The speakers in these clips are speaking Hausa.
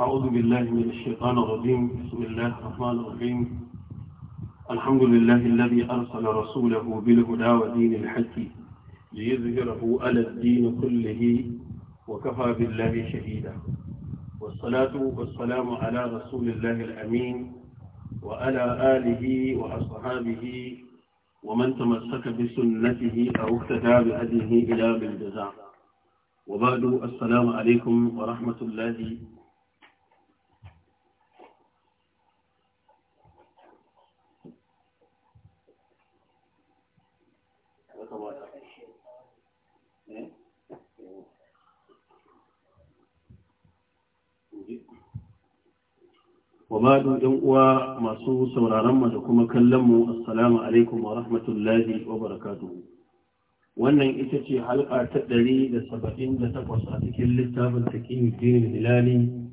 أعوذ بالله من الشيطان الرجيم بسم الله الرحمن الرحيم الحمد لله الذي أرسل رسوله بالهدى ودين الحق ليظهره على الدين كله وكفى بالله شهيدا والصلاة والسلام على رسول الله الأمين وعلى آله وأصحابه ومن تمسك بسنته أو اهتدى بهديه إلى بالجزاء وبعد السلام عليكم ورحمة الله wa ba'du ɗan uwa masu sauraron mu da kuma kallon mu assalamu alaikum wa rahmatullahi wa barakatuhu wannan ita ce halka ta ɗari da saba'in da takwas a cikin littafin taƙin dinin hilali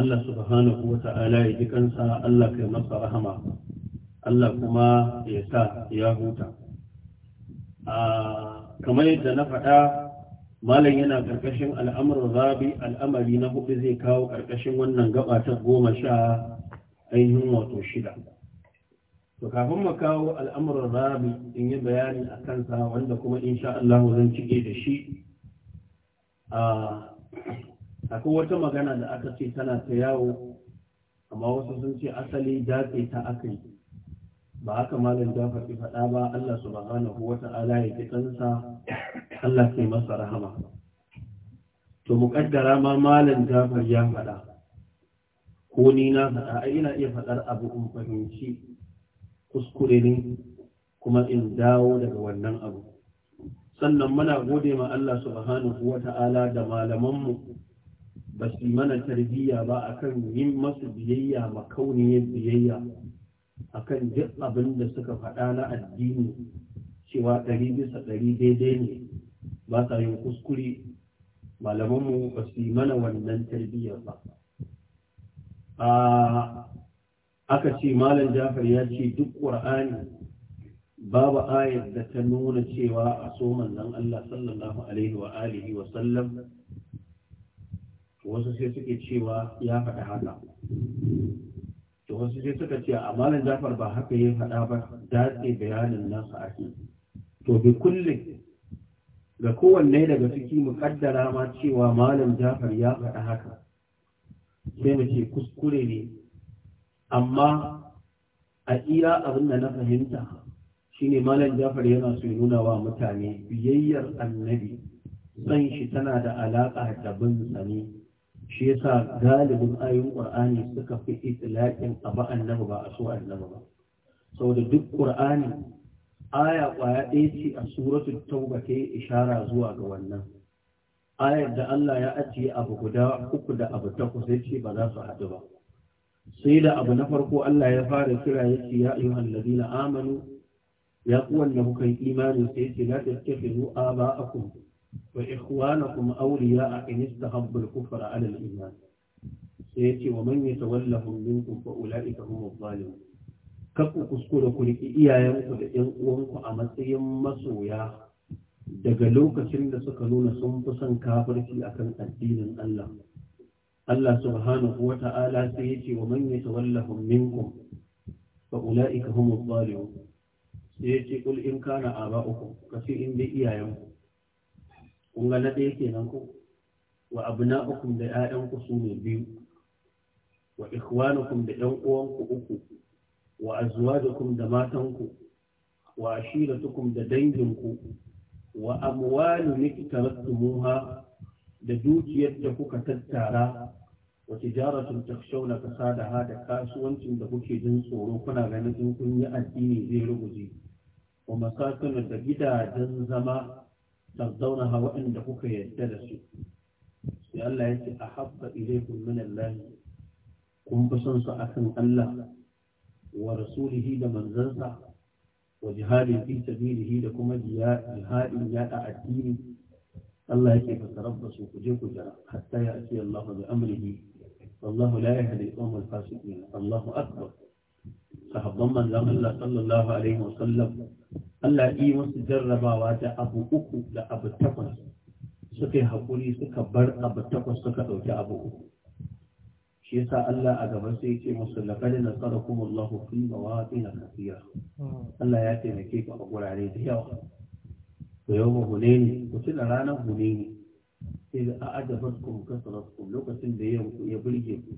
Allah subhanahu wa ta'ala ya ji kansa Allah kai masa rahama Allah kuma ya sa ya huta ah, kamar yadda na faɗa malam yana karkashin al'amur rabi al'amari na hudu zai kawo karkashin wannan gaba ta goma sha ainihin wato shida to kafin mu kawo al'amur rabi in yi bayani a kansa wanda kuma sha Allah zan cike da shi akwai wata magana da aka ce tana ta yawo amma wasu sun ce asali dace ta aka yi ba haka malam jafar ki faɗa ba Allah subhanahu wata'ala ya ki kansa Allah sai masa rahama to muƙaddara ma malam jafar ya faɗa ko ni na faɗa a ina iya faɗar abu in fahimci kuskure ne kuma in dawo daga wannan abu sannan muna gode ma Allah subhanahu Huwataala da malamanmu ba su mana tarbiyya ba akan yin masu biyayya makauniyar biyayya akan duk abin da suka faɗa na addini cewa ɗari bisa ɗari daidai ne ba sa yin kuskure malamanmu ba su yi mana wannan tarbiyyar ba aka ce malam jafar ya ce duk ƙur'ani babu ayar da ta nuna cewa a so nan Allah sallallahu alaihi wa alihi wa sallam wasu sai suke cewa ya faɗi haka to wasu sai suka ce a malam jafar ba haka ya faɗa ba datse bayanin nasa ake to bi kulle, ga kowanne daga ciki mu kaddara ma cewa malam jafar ya faɗa haka sai mu ce kuskure ne amma a iya abin da na fahimta shine malam jafar yana so nuna wa mutane biyayyar annabi san shi tana da alaƙa da bin sani shi yasa galibin ayoyin ƙur'ani suka fi itlaqin abu annabi ba a so annabi ba saboda duk ƙur'ani, aya kwaya ɗaya ce a suratul tauba ta ishara zuwa ga wannan ayar da Allah ya ajiye abu guda uku da abu takwas ya ce ba za su haɗu ba sai da abu na farko Allah ya fara kira ya ce ya ayyuhan ladina amanu ya kuwan da kuka yi imani sai ya ce la a aba'akum wa ikhwanakum awliya in istahabbu al-kufra 'ala al-iman sai yace wa man yatawallahum minkum fa ulaika hum adh-dhalimun kaku kuskure ku riki iyayenku da ƴan uwanku a matsayin masoya daga lokacin da suka nuna sun fi son kafirci akan addinin Allah Allah subhanahu wa ta'ala sai yace wa man yatawallahum minkum fa ulaika hum adh-dhalimun sai yace kul in kana aba'ukum kace in dai iyayenku kun ga na ɗaya kenan ku wa uku da 'ya'yanku su ne biyu wa ikhwanukum da 'yan uwanku uku wa azwajukum da matanku wa ashiratukum da danginku wa amwalu nikitarattumuha da dukiyar da kuka tattara wa tijaratun na kasadaha da kasuwancin da kuke jin tsoro kuna ganin in kun yi addini zai ruguje wa masakinu da gidajen zama tarzaunaha waɗanda kuka yadda da su sai Allah ya ce a habba ilaikum min Allah kun fi son su akan Allah wa rasulihi da manzansa wa jihadin fi da kuma jihadin yada addini Allah yake fa tarabbasu ku je ku jira hatta ya ce Allah bi amrihi Allah sallallahu alaihi wa sallam Allah yi masu jarrabawa da abu uku da abu takwas suka yi haƙuri suka bar abu takwas suka ɗauki abu uku shi yasa Allah a gaban sai ya yake musu laqad nasarakum Allah fi mawatin kathira Allah ya taimake ku a gurare da yawa to hune ne ku tuna ranar hune ne. sai da a'adabatkum kasratkum lokacin da ya burge ku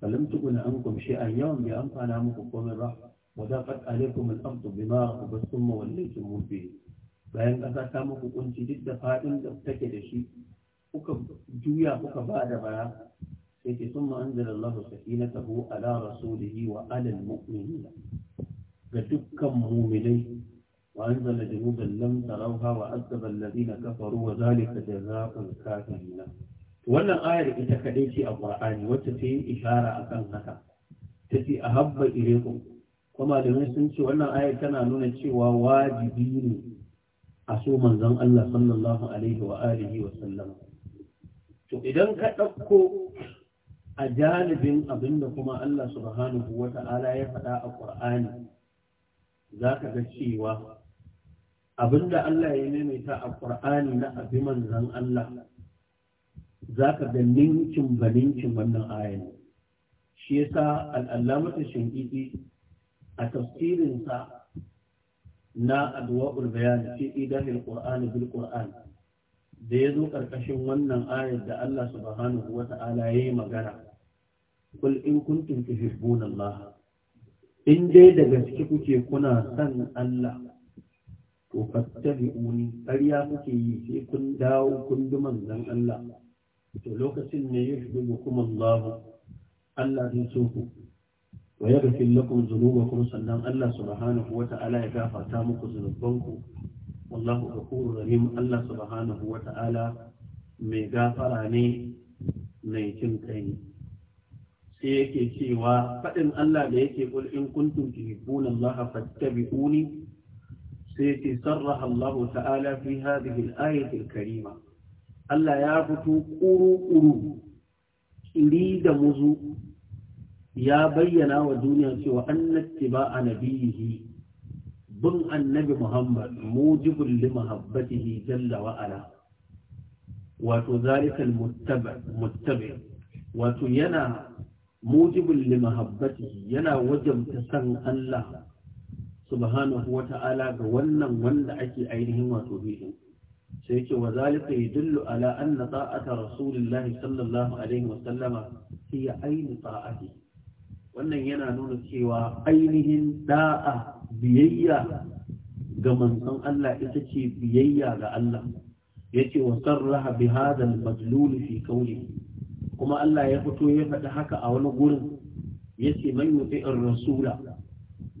falam an ankum an yawan bai amfana muku komai ba وضاقت عليكم الأرض بما رحبت وليتم مدبرين bayan ƙasa ta muku kunci duk da faɗin da take da shi kuka juya kuka ba da baya sai ke sun ma'anzar Allah sakinatahu ala rasulihi wa alal mu'minin ga dukkan mu'minai وأنزل جنودا لم تروها وعذب الذين كفروا وذلك جزاء الكافرين wannan ayar ita kaɗai ce a ƙur'ani wacce ta yi ishara a kan haka ta ce a habba irekum kuma domin sun ce wannan ayar tana nuna cewa wajibi ne a so manzon Allah sallallahu alaihi wa alihi wa sallam to idan ka ɗauko a janibin abinda kuma Allah subhanahu wa ta'ala ya faɗa a Qur'ani za ka ga cewa abinda Allah ya maimaita a Qur'ani na abi manzon Allah za ka ga ninkin ba ninkin wannan ayar shi yasa al'allamata shinkiɗi a tafsirinsa na adwa'ul bayani fi idahil qur'ani bil ƙurani da ya zo ƙarƙashin wannan ayar da Allah subhanahu wa ta'ala ya yi magana kul in kuntum tuhibbuna Allah in dai da gaske kuke kuna son Allah to fattabi'uni ƙarya kuke yi sai kun dawo kun bi manzon Allah to lokacin ne yuhibbukum Allah Allah zai so ku wa yaghfir lakum dhunubakum sannan Allah subhanahu wa ta'ala ya gafarta muku zunubanku wallahu ghafurur rahim Allah subhanahu wa ta'ala mai gafara ne mai cin kai sai yake cewa faɗin Allah da yake kul in kuntum tuhibbuna Allah fattabi'uni sai yake sarraha Allah ta'ala fi hadhihi al-ayati al-karima Allah ya fito kuru kuru iri da muzu ya bayyana wa duniya cewa annatti ba a nabiyihi bin annabi muhammad mujibin li mahabbatihi jalla wa ala wato zalikal muttabi wato yana mujibin li mahabbatihi yana wajabta san Allah subhanahu wa ta'ala ga wannan wanda ake ainihin wato bidin sai yake wa zalika yadullu ala anna ta'ata rasulillahi sallallahu alaihi wa sallama hiya aini ta'atihi wannan yana nuna cewa ainihin da'a biyayya ga manzon Allah ita ce biyayya ga Allah yace wa sarraha bi hadha al fi qawlihi kuma Allah ya fito ya faɗi haka a wani gurin yace man yuti'ir rasula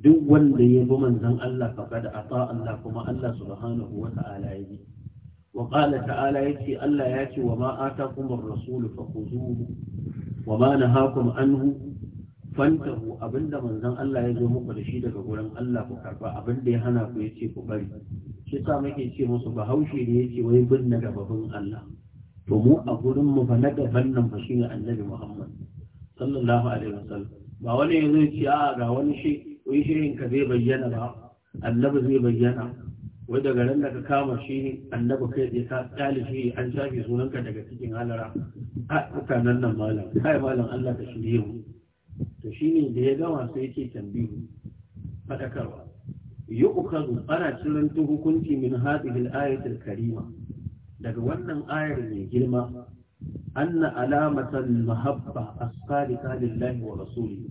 duk wanda ya bi manzon Allah faqad ata Allah kuma Allah subhanahu wa ta'ala yayi wa qala ta'ala yace Allah yace wa ma atakum ar-rasul fakhuzuhu wa ma nahakum anhu fantahu abinda manzon Allah ya zo muku da shi daga gurin Allah ku karba abinda ya hana ku yace ku bari shi sa muke ce musu bahaushe da yace wai bin na gababin Allah to mu a gurin mu fa na gaban nan fa shine Annabi Muhammad sallallahu alaihi wasallam ba wani ya zo ce a ga wani shi wai shirin ka zai bayyana ba Annabi zai bayyana wai daga ran da ka kama shi Annabi kai zai ka tsali shi an shafe sunanka daga cikin halara a tsakanin nan malam kai malam Allah ka shirye mu to ne da ya gama sai yake tambihu fadakarwa yu'khadhu ana ciranto hukunci min hadhihi al karima daga wannan ayar mai girma anna alamatan mahabba as-salika lillahi wa Rasuli.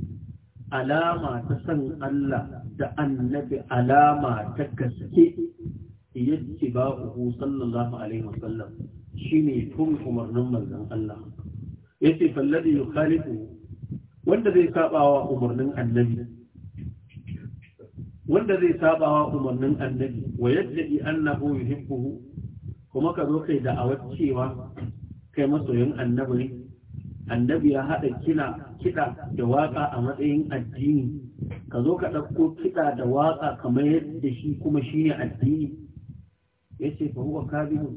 alama ta san Allah da annabi alama ta gaske yadda ba uku sallallahu alaihi wasallam shine tun umarnin manzon Allah yace fallazi yukhalifu wanda zai sabawa umarnin annabi wanda zai sabawa umarnin annabi wa yaddi annahu yuhibbu kuma ka zo kai da'awar cewa kai masoyin annabi annabi ya haɗa kina kiɗa da waƙa a matsayin addini ka zo ka ɗauko kiɗa da waka kamar yadda shi kuma shi addini yace ce fa huwa kabinu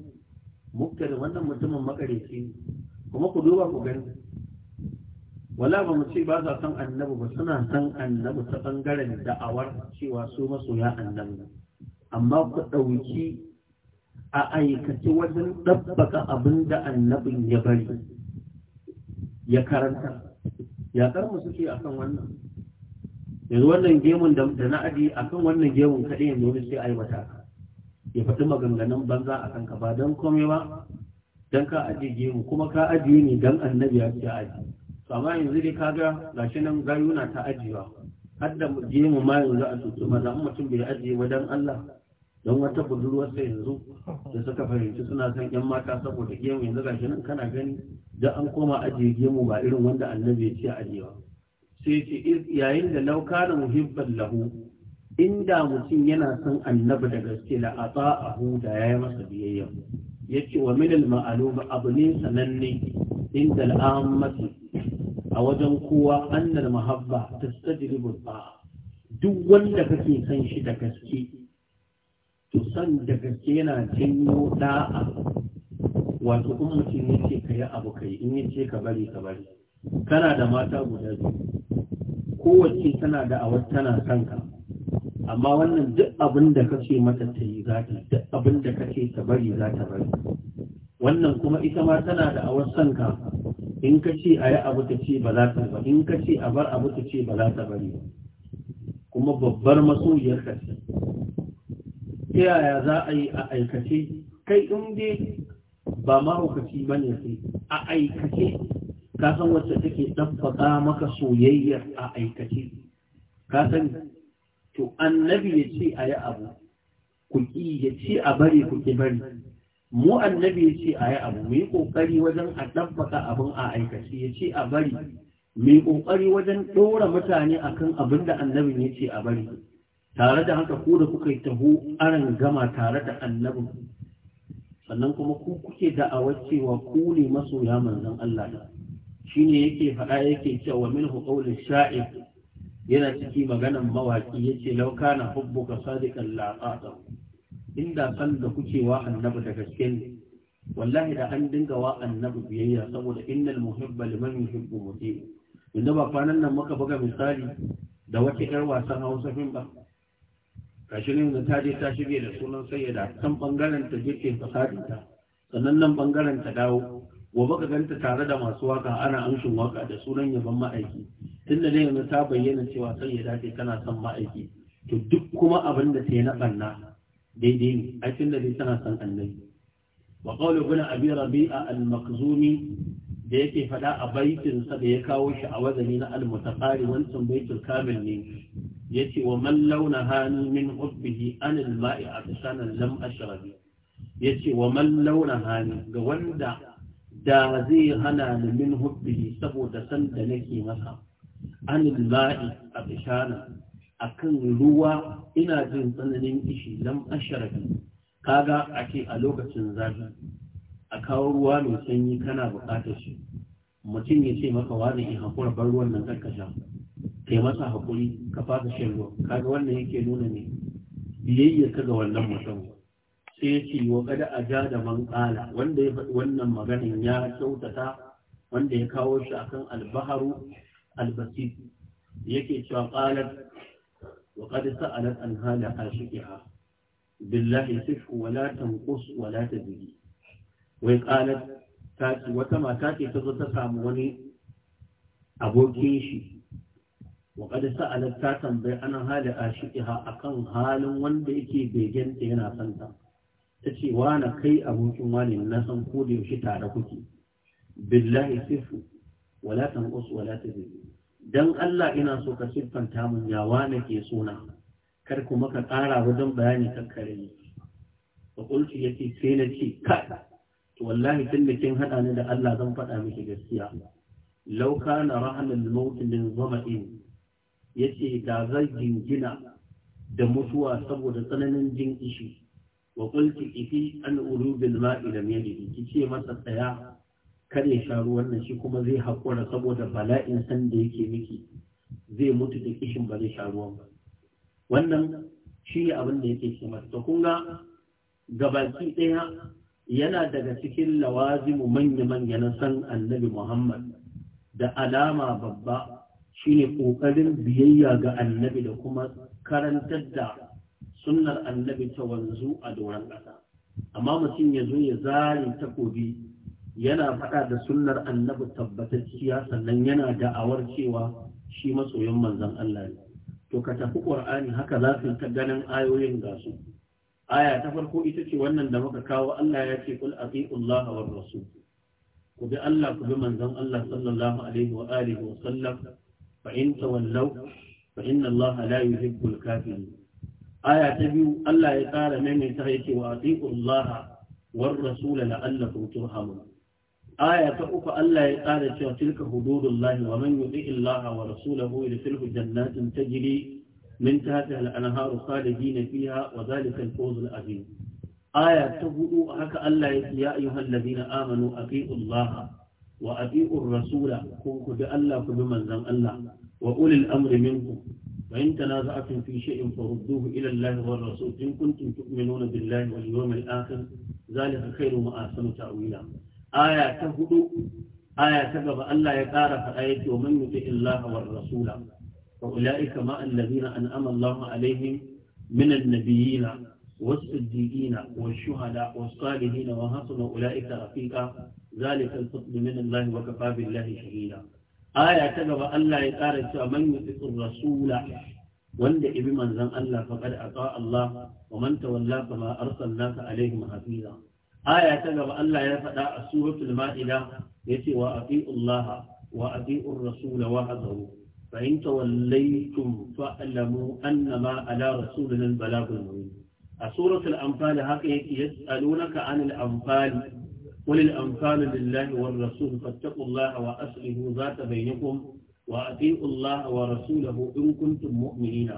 muktar wannan mutumin makareci kuma ku duba ku gani wala ba mu ce ba sa san annabi ba suna san annabi ta bangaren da'awar cewa su masoya annabi amma ku ɗauki a aikace wajen ɗabbaka abin da annabin ya bari ya karanta yaƙar mu suke akan wannan yanzu wannan gemun da na aji akan wannan gemun kaɗai yanzu wani sai a yi ya faɗi maganganun banza a kanka ba don komai ba don ka ajiye gemu kuma ka ajiye ne don annabi ya ce ajiye amma yanzu dai kaga gashi nan gayuna ta ajiyewa har da mu ma yanzu a tutu maza mutum bai ajiye ba dan Allah don wata budurwarsa yanzu da suka fahimci suna san yan mata saboda gemu yanzu gashi nan kana gani da an koma ajiye gemu ba irin wanda annabi ya ce ajiyewa sai ce yayin da laukana muhibban lahu inda mutum yana son annabi da gaske la ata'ahu da yayi masa biyayya yace wa min al abu ne sananne inda al a wajen kowa annar mahabba sadiri burba duk wanda kake san shi da gaske to san da gaske yana janyo da'a wato kuma mutum ya ce ka yi abu kai in ya ce ka bari ka bari kana da mata guda biyu kowace tana da awar tana kanka. ka amma wannan duk abin da kake mata ta yi za ta duk abin da kake ta bari za ta bari wannan kuma ita ma tana da awar in ka ce a yi abu ta ce ba za ta ba in ka ce a bar abu ta ce ba za ta bari kuma babbar masoyiyar ka ce ta yaya za a yi a aikace kai in dai ba mahaukaci ba ne sai a aikace ka san wacce take ɗabbaka maka soyayyar a aikace ka san to annabi ya ce a yi abu ku ki ya ce a bari ku ki bari mu annabi ya ce a yi abu mai kokari ƙoƙari wajen a ɗabbaka abin a aikace ya ce a bari mai kokari ƙoƙari wajen ɗora mutane akan abin da annabi ya ce a bari tare da haka ku da kuka yi taho aran gama tare da annabin sannan kuma ku kuke da cewa ku ne masoya manzon Allah da shi ne yake faɗa yake cewa min hukaulin sha'ir yana ciki maganan mawaƙi yace laukana hubbuka sadiqan laqata inda san da kuke wa annabi da gaske ne wallahi da an dinga wa annabi biyayya saboda innal muhibba liman yuhibbu muti inda ba kwanan nan muka buga misali da wata yar wasan Hausa fim ba kashi ne ta je ta shige da sunan sayyida kan bangaren ta jirgin fasadin ta sannan nan bangaren ta dawo gobe baka ganta tare da masu waka ana amshin waka da sunan yaban ma'aiki tunda ne yanzu ta bayyana cewa sayyida ce tana son ma'aiki to duk kuma abin da ta yi na banna daidai ne ai tunda dai tana san annabi wa qawlu ibn abi rabi'a al makzumi da yake fada a baitin sa da ya kawo shi a wazani na al-mutaqari wancan baitul kamil ne yace wa man launa hani min hubbihi an al-ma'i atshana lam ashrabi yace wa man launa hani ga wanda da zai hana ni min hubbihi saboda san da nake masa an al-ma'i akan ruwa ina jin tsananin ishi lam asharafi kaga ake a lokacin zafi a kawo ruwa mai sanyi kana buƙatar shi mutum ya ce maka wani in haƙura bar ruwan nan kanka sha kai masa hakuri ka fasa shan ruwa kaga wannan yake nuna ne biyayya ka ga wannan mutum sai yace wa kada aja da man kala wanda ya faɗi wannan maganin ya kyautata wanda ya kawo shi akan albaharu albasir yake cewa qalat وقد سألت أنها لعاشقها بالله صف ولا تنقص ولا تزيد وقالت تاتي وتما تاتي تغتسام وني أبوكين شي وقد سألت تاتم بأنها لعاشقها أكن حال وان بيكي بيجن تينا سنتا تشي وانا كي أبوكين واني نسان كودي وشي تعرفكي بالله صف ولا تنقص ولا تزيد dan Allah ina so ka siffanta mun yawa ke suna, kar kuma ka ƙara wajen bayani kakkare ni fa qultu yake sai na ce ka to wallahi tun da kin hada ni da Allah zan faɗa miki gaskiya law kana rahanal maut min zama'in yace da zai jingina da mutuwa saboda tsananin jin ishi wa qultu ifi an urubil ya yadi kice masa tsaya kar ya sha ruwan nan shi kuma zai haƙura saboda bala'in san da yake miki zai mutu da kishin ba zai sha ruwan ba wannan shi ne abin da yake ce masa to kun ga gabaki ɗaya yana daga cikin lawazimu manya-manya na san annabi Muhammad da alama babba ne ƙoƙarin biyayya ga annabi da kuma karantar da sunnar annabi ta wanzu a doron ƙasa. Amma mutum ya zo ya zare takobi yana faɗa da sunnar annabi tabbatacciya sannan yana da'awar cewa shi masoyin manzan Allah ne to ka tafi qur'ani haka za ka ta ganin ayoyin ga su aya ta farko ita ce wannan da muka kawo Allah ya ce kul atiullah war rasul ku bi Allah ku bi manzan Allah sallallahu alaihi wa alihi wa sallam fa in tawallaw fa inna Allah la yuhibbul kafirin aya ta biyu Allah ya tsara maimaita ta ce wa atiullah war rasul la'allakum turhamun aya ta uku Allah ya tsara cewa tilka hududullahi wa man yuti illaha wa rasulahu yudkhilhu jannatin tajri min tahtiha al-anharu khalidin fiha wa dhalika al-fawz aya ta hudu haka Allah ya ya ayyuhal ladina amanu atiu Allah wa atiu rasula ku ku bi Allah ku bi manzon Allah wa ulil amri minkum wa in tanaza'tum fi shay'in farudduhu ila Allah wa rasul in kuntum tu'minuna billahi wal yawmil zalika kai khayrun wa ahsanu ta'wila aya ta hudu aya ta gaba Allah ya ƙara faɗa ya ce man yuti illaha war rasula fa ulaika ma allazina an'ama Allahu alaihim min an-nabiyina والصديقين والشهداء والصالحين وحسن أولئك رفيقا ذلك الفضل من الله وكفى بالله شهيدا آية تجب الله يقارن من يطيع الرسول wanda ibi manzan Allah faƙar a Allah wa man tawalla fa ma arsalnaka alaihim hafiza aya ta gaba Allah ya faɗa a suratul ma'ida yace wa atiu Allah wa atiu ar-rasul wa hazaru fa in tawallaytum fa'lamu annama ala rasulina a suratul haka yake yas'alunaka anil anfal قل الأنفال لله والرسول فاتقوا الله وأصلحوا ذات بينكم وأطيعوا الله ورسوله إن كنتم مؤمنين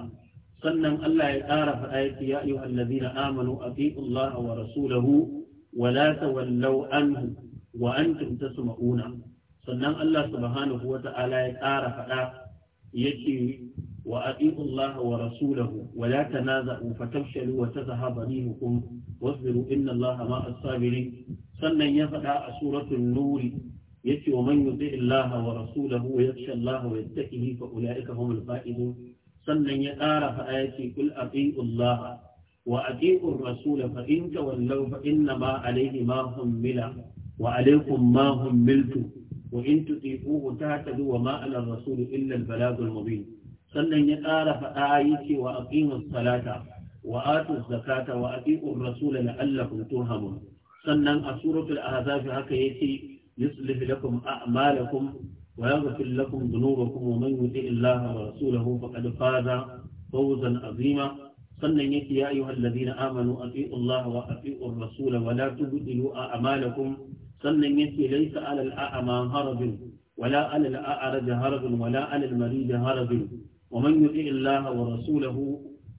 sannan Allah ya kara faɗa yake ya ayyuhal ladina amanu atiiu Allah wa wala tawallaw anhu wa antum tasma'una sannan Allah subhanahu wa ta'ala ya ƙara faɗa yace wa atiu Allah wa rasulahu wa la tanaza'u fatafshalu wa tazhaba rihukum wasbiru inna Allah ma'as sabirin sannan ya faɗa a suratul nuri yace wa man yuti Allah wa rasulahu wa yakhsha Allah wa yattaqihi ya ulaika humul fa'idu sannan ya ƙara faɗa yace kul atiu Allah وأطيعوا الرسول فإن تولوا فإنما عليه ما حمل وعليكم ما حملتم وإن تطيعوه تهتدوا وما على الرسول إلا البلاغ المبين sannan ya ƙara faɗa yake wa aqimus salata wa atuz zakata wa atiqur rasula la'allakum turhamun sannan a suratul ahzab haka yake yuslih lakum a'malakum wa yaghfir lakum dhunubakum wa man yuti illaha wa rasulahu faqad faza fawzan azima فنيت يا أيها الذين آمنوا أطيعوا الله وأطيعوا الرسول ولا تبدلوا أعمالكم فنيت ليس على الأعمى هرج ولا على الأعرج هرج ولا على المريض هرج ومن يطع الله ورسوله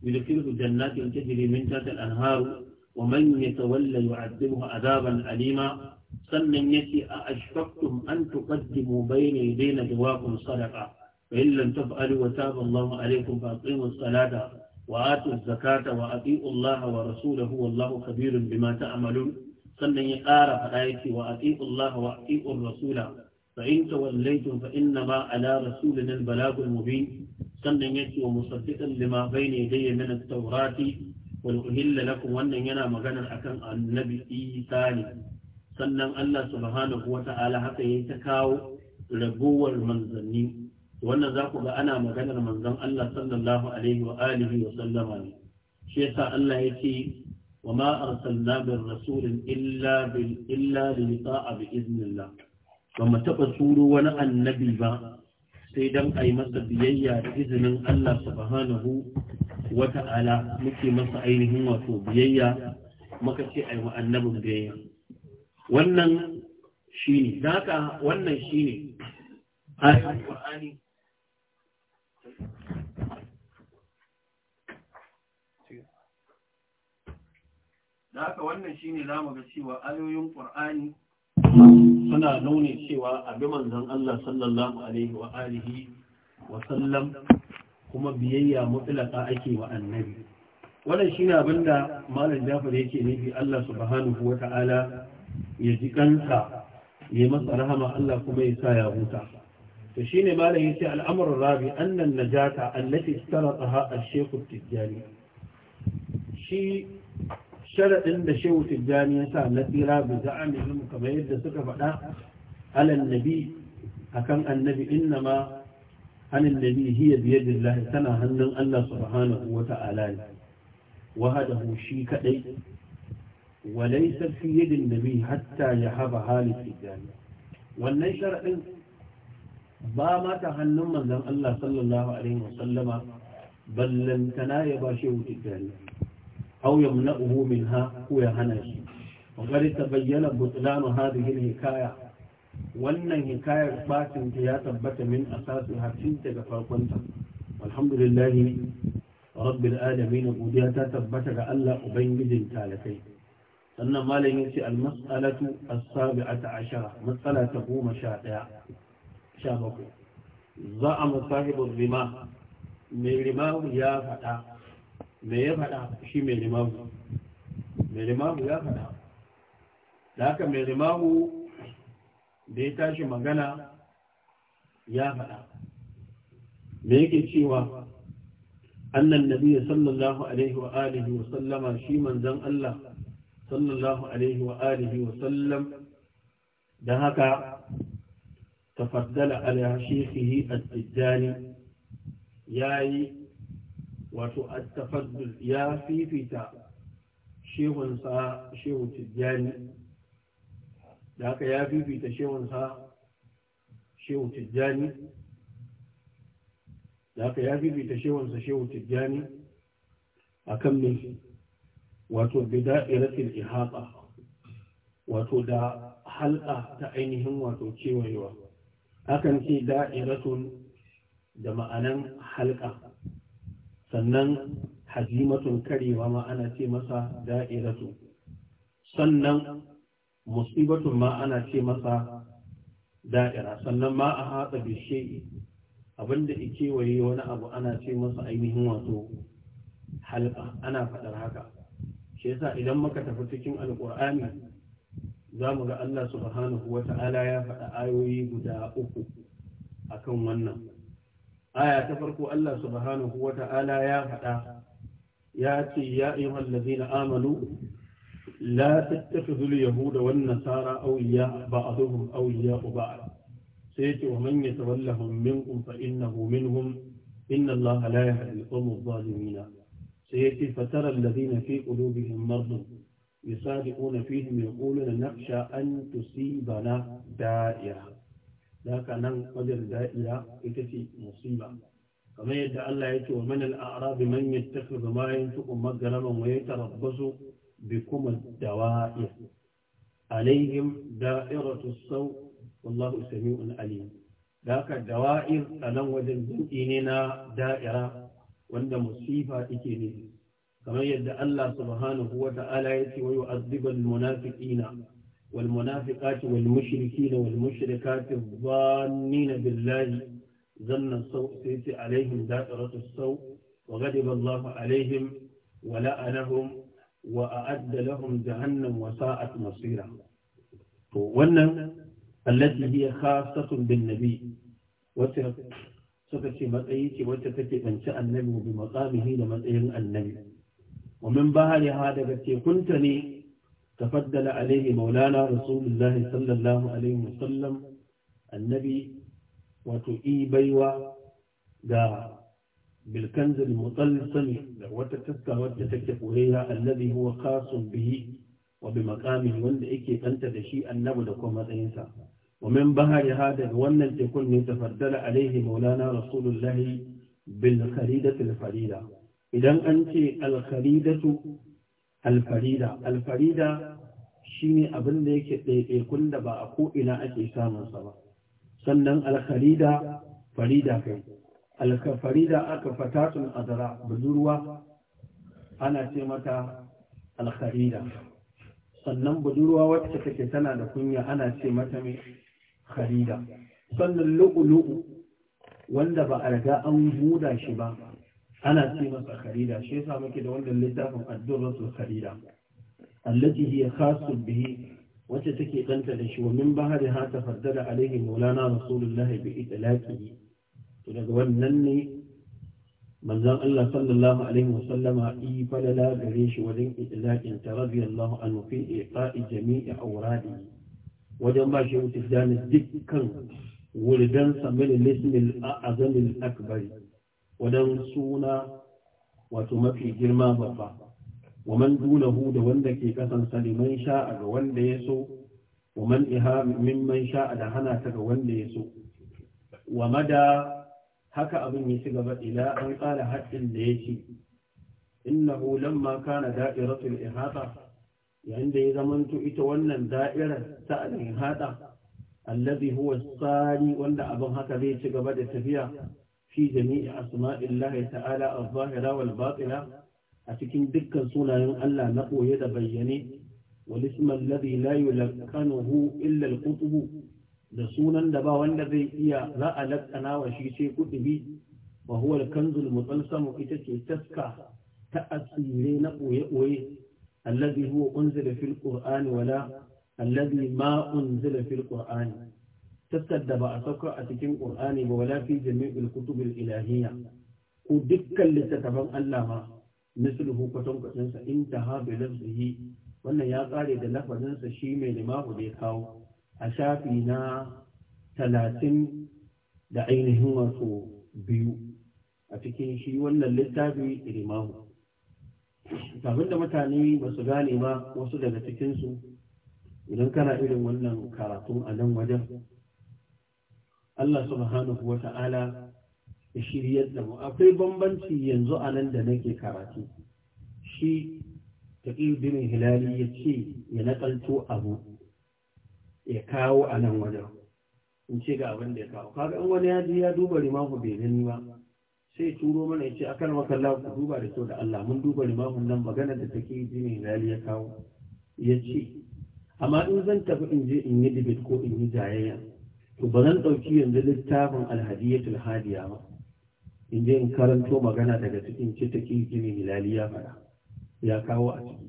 يدخله جنات تجري من تحت الأنهار ومن يتولى يعذبه عذابا أليما سنن أأشفقتم أن تقدموا بين يدي نجواكم صدقة فإن لم تفعلوا وتاب الله عليكم فأقيموا الصلاة وآتوا الزكاة وأطيعوا الله ورسوله والله خبير بما تعملون sannan ya ƙara faɗa yake wa atiqu Allah wa atiqu Rasula fa in ala rasulina al-balagul sannan yake wa musaddiqan lima bayna yadayya min at-taurati wannan yana maganar akan annabi Isa sannan Allah subhanahu wa ta'ala haka yayi ta kawo raguwar manzanni wannan za ku ga ana maganar manzon Allah sallallahu alaihi wa alihi wa sallama ne shi yasa Allah ya ce wa ma arsalna bir rasulin illa bil illa li ta'a bi iznillah ba mu taba turo wani annabi ba sai dan ayi masa biyayya da izinin Allah subhanahu wa ta'ala muke masa ainihin wato biyayya muka ce ayi wa annabin biyayya wannan shine haka wannan shine ayatul qur'ani da haka wannan shine mu ga cewa ayoyin qur'ani suna nuni cewa abi manzon Allah sallallahu alaihi wa alihi wa sallam kuma biyayya mutlaka ake wa annabi wannan abin abinda malam Jafar yake nufi Allah subhanahu wa ta'ala ya ji kansa ya masa rahama Allah kuma ya sa ya huta to shine malam ce al'amrul rabi annan najata allafi istarataha ash-shaykh at-tijani shi sharaɗin da shehu tijjani ya sa na tsira bi za'amihim kamar yadda suka faɗa alan nabi akan annabi inna ma anan nabi hiya biyadillahi tana hannun Allah subhanahu wa ta'ala ne wahadahu shi kadai yadin في hatta ya haba يهبها Tijjani. wannan sharaɗin ba ma ta hannun manzon Allah sallallahu alaihi sallama, ballantana ya ba shehu tijjani أو يمنعه منها هو يهنش وقد تبين بطلان هذه الحكاية وأن حكاية باتن يا ثبت من أساسها تنتج فرقنت والحمد لله رب العالمين وديا تثبت لألا أبين بجن تالتين أن ما لينسي المسألة السابعة عشرة مسألة تقوم شاطئة شابكو زعم صاحب الرماء من رماه يا فتاة me ya faɗa shi mai limamu mai limamu ya faɗa da haka mai limamu da ya tashi magana ya faɗa me yake cewa annan nabiya sallallahu alaihi wa alihi wa sallama shi manzon Allah sallallahu alaihi wa alihi wa sallam da haka tafaddala ala shekhihi ad ya yi. wato attafaddul ya fifita shehunsa shehu tijjani da aka ya fifita shehunsa shehu tijjani da aka ya fifita shehunsa shehu tijjani a kan mai wato bida'iratul ihaba wato da halka ta ainihin wato cewayewa akan ce da'iratun da ma'anan halka sannan hazimatun karewa ma ana ce masa da'iratu sannan musibatun ma ana ce masa da'ira sannan ma a hatsa bishe abinda kewaye wani abu ana ce masa ainihin wato halka ana faɗar haka shi yasa idan muka tafi cikin alƙur'ani za mu ga Allah subhanahu wa ta'ala ya faɗa ayoyi guda uku akan wannan aya ta farko Allah subhanahu wa ta'ala ya faɗa ya ce ya ayyuhal ladzina amanu la tattakhidhu al-yahuda wan nasara awliya ba'dhum awliya ba'd sai ce wa man yatawallahum minkum fa innahu minhum inna Allah la yahdi al-qawm adh-dhalimin sai ce fatara alladhina fi qulubihim marad يصادقون فيهم يقولون نخشى أن تصيبنا دائرة da haka nan wajen da'ira ita ce musiba kamar yadda Allah ya ce wa man al-a'rab man yattakhidhu ma yanfiqu maghraman wa yatarabbasu bikum ad-dawa'ir alaihim da'iratu saw wallahu sami'un alim da haka dawa'ir a nan wajen jinki ne na da'ira wanda musifa take ne kamar yadda Allah subhanahu wa ta'ala ya ce wa yu'adhibu al-munafiqina والمنافقات والمشركين والمشركات الظانين بالله ظن السوء سيسي عليهم دائرة السوء وغضب الله عليهم لهم وأعد لهم جهنم وساءت مصيرا وأن التي هي خاصة بالنبي وتتكي مطيك وتتكي من شاء النبي بمقامه لمطيه النبي ومن بعد هذا كنتني تفضل عليه مولانا رسول الله صلى الله عليه وسلم النبي وتؤي بيوى دا بالكنز المطلسم وتتسكى وتتكف إليها الذي هو خاص به وبمقام وند إكي أنت دشي النبو لكم إنسا ومن بهر هذا ون تكون تفضل عليه مولانا رسول الله بالخريدة الفريدة إذا أنت الخريدة alfarida alfarida shine abin da yake ɗaiɗaikun da ba a ko'ina ake samunsa ba sannan alfarida farida kai alfarida aka fatatun azara budurwa ana ce mata alfarida sannan budurwa wacce take tana da kunya ana ce mata mai farida sannan lu'ulu'u wanda ba a riga an huda shi ba ana ce masa kharida shi yasa muke da wannan littafin ad-durratul kharida allati hiya khassun bihi wacce take ɗanta da shi wa min bahari ha tafaddala alaihi maulana rasulullah bi itlaqihi to daga wannan ne manzon Allah sallallahu alaihi wa sallama yi falala gare shi wajen itlaqin ta radiyallahu anhu fi iqa'i jami'i awradi wajen ba shi wuce dukkan wurdansa min lismil a'zamil akbari wadan suna wato mafi girma babba wa dunahu da wanda ke kasan liman sha'a ga wanda ya so wa iha mimman sha'a da hana ta ga wanda ya so wa mada haka abin ya ci gaba ila an tsara haddin da ya ce innahu lamma kana da'iratul ihata yayin da ya zamanto ita wannan da'irar ta al-ihata allazi huwa sari wanda abin haka zai ci gaba da tafiya fi jami'i asma'illahi ta'ala az-zahira wal batina a cikin dukkan sunayen Allah na ɓoye da bayyane wal isma alladhi la yulakkanuhu illa al da sunan da ba wanda zai iya za a lakkana wa shi sai kutubi wa huwa al-kanzul mutalsamu ita ce taska ta asire na ɓoye-ɓoye. koye alladhi huwa unzila fil qur'ani wala alladhi ma unzila fil qur'ani taskar da ba a sauka a cikin ƙur'ani ba wala fi jami'in kutubil ilahiyya ko dukkan littattafan Allah ma misluhu kwatan kwatan sa intaha bi lafzihi wannan ya tsare da lafazinsa shi mai limahu da ya kawo a shafi na talatin da ainihin wato biyu a cikin shi wannan littafi limahu kafin da mutane ba su gane ba wasu daga cikinsu idan kana irin wannan karatun a nan wajen Allah subhanahu wa ta'ala ya shiryar da mu akwai bambanci yanzu a nan da nake karatu shi ta bin hilali ya ce ya naƙalto abu ya kawo a nan wajen in ce ga abin da ya kawo kaga in wani ya ji ya duba rimahu bai gani ba sai turo mana ya ce akan makalla ku duba da kyau da Allah mun duba limahun nan magana da ta bin hilali ya kawo ya ce amma in zan tafi in je in yi dibit ko in yi jayayya to ba zan ɗauki yanzu littafin alhadiyatul hadiya ba in je in karanto magana daga cikin ce ta gini hilaliya fara ya kawo a ciki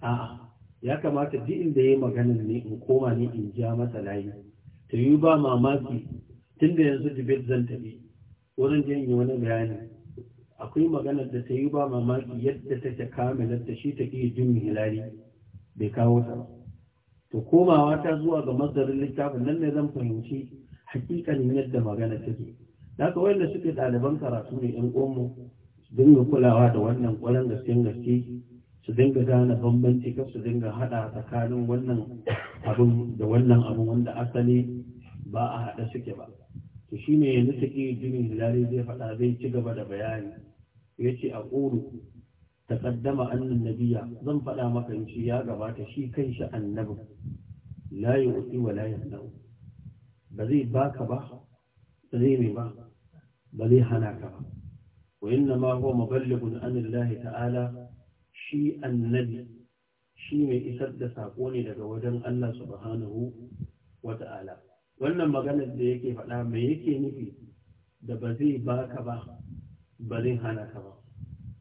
a'a ya kamata duk inda ya maganin ne in koma ne in ja masa layi ta yi ba mamaki tun da yanzu dibet zan tafi wurin je in yi wani bayani akwai maganar da ta yi ba mamaki yadda take kamilar da shi ta iya jin hilali bai kawo ta ba to komawa ta zuwa ga masarin littafin nan ne zan fahimci hakikalin yadda magana take Na ga wanda suke ɗaliban karatu ne yan ƙonmu su dinga kulawa da wannan ƙwarar gaske gaske su dinga gane bambanci kan su dinga haɗa tsakanin wannan abin da wannan abin wanda asali ba a haɗa suke ba to shine yanzu take jini hilali zai faɗa zai ci gaba da bayani ya ce a ƙoro taqaddama annan nabiyya zan faɗa maka shi ya gabata shi kanshi annabin Layi yu'ti wa layi yanau ba zai baka ba ba zai ba ba zai hana ka ba wa inna ma huwa muballighun an Allah ta'ala shi annabi shi mai isar da sako ne daga wajen Allah subhanahu wa ta'ala wannan maganar da yake faɗa mai yake nufi da ba zai baka ba ba zai hana ka ba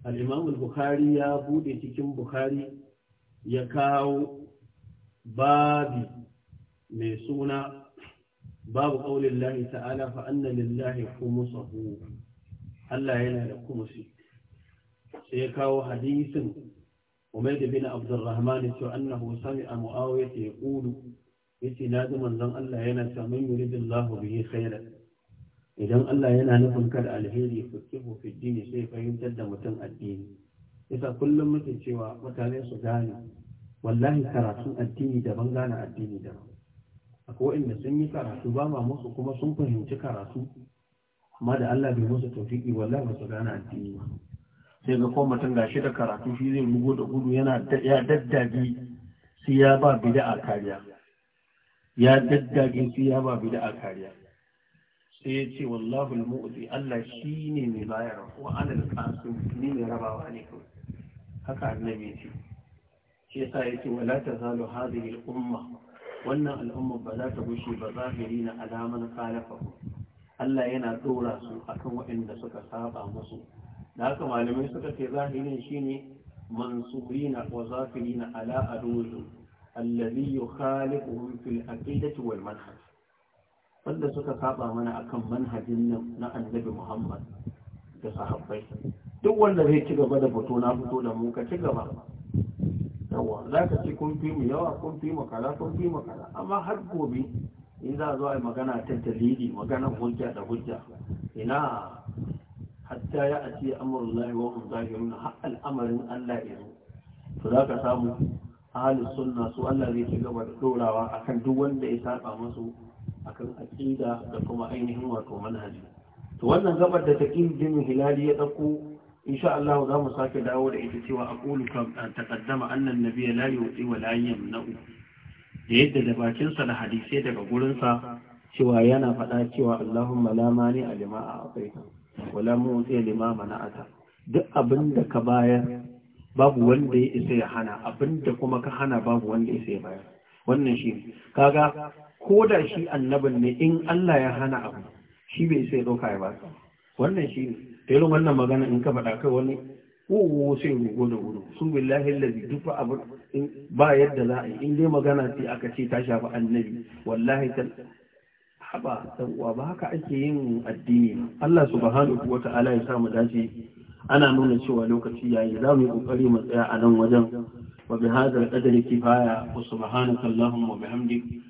al-imam bukhari ya bude cikin bukhari ya kawo babi mai suna babu ƙaunin lahi ta'ala fa anna lillahi kumusahu Allah yana da kumusi sai ya kawo hadisin Umayyad bin Abdurrahman cewa annahu sami'a Muawiya ya qulu yace na manzon Allah yana cewa man yuridillahu bihi khairan idan Allah yana nufin kada alheri fuskihu fi dini sai fahimtar da mutum addini yasa kullum muke cewa mutane su gane wallahi karatun addini daban gane addini daban akwai inda sun yi karatu ba ma musu kuma sun fahimci karatu amma da Allah bai musu tawfiki wallahi ba su gane addini ba sai ga ko mutum gashi da karatu shi zai rugo da gudu yana ya daddage sai ya ba bid'a kariya ya daddage sai ya ba bid'a kariya sai ya ce wallahu al-mu'ti Allah shine mai bayar wa ana al-qasim ni ne rabawa ne kawai haka annabi ce shi yasa yace wala tazalu hadhihi al-umma wannan al'umma ba za ta gushe ba zahiri na alaman ba. Allah yana dora su akan waɗanda suka saba musu da haka malamai suka ce zahirin shine mansurina wa zafirina ala aduwwihim alladhi yukhalifuhum fil aqidati wal manhaj wanda suka saba mana akan manhajin nan na annabi Muhammad da sahabbai duk wanda zai ci gaba da fito na fito da mu ka ci gaba yawa za ka ci kun fi mu yawa kun fi mu kaza kun fi mu kaza amma har gobe in za a zo a yi magana ta dalili magana hujja da hujja ina hatta ya ati amurullahi wa hum zahirun har al'amarin Allah ya zo to za ka samu ahlus sunna su Allah zai ci gaba da dorawa akan duk wanda ya saba musu akan aqida da kuma ainihin wato manhaji to wannan gabar da takin din hilali ya dauko insha Allah za mu sake dawo da ita cewa aqulu kam taqaddama anna an-nabiy la yuti wa la yamna'u da yadda da bakin sa da hadisi daga gurin sa cewa yana faɗa cewa Allahumma la mani a lima'a afaita wa la mu'ti lima mana'ata duk abinda ka bayar babu wanda ya isa ya hana abinda kuma ka hana babu wanda ya isa ya bayar wannan shi kaga ko da shi annabin ne in Allah ya hana abu shi bai sai doka ya ba wannan shi ne da irin wannan magana in ka faɗa kai wani kowo sai rugo da gudu. su billahi lazi duk abu ba yadda za a yi in dai magana sai aka ce ta shafi annabi wallahi ta haba dan uwa ba haka ake yin addini Allah subhanahu Ta'ala ya samu dace ana nuna cewa lokaci yayi za mu yi kokari mu tsaya a nan wajen wa bi hadal qadri kifaya wa subhanaka allahumma wa bihamdika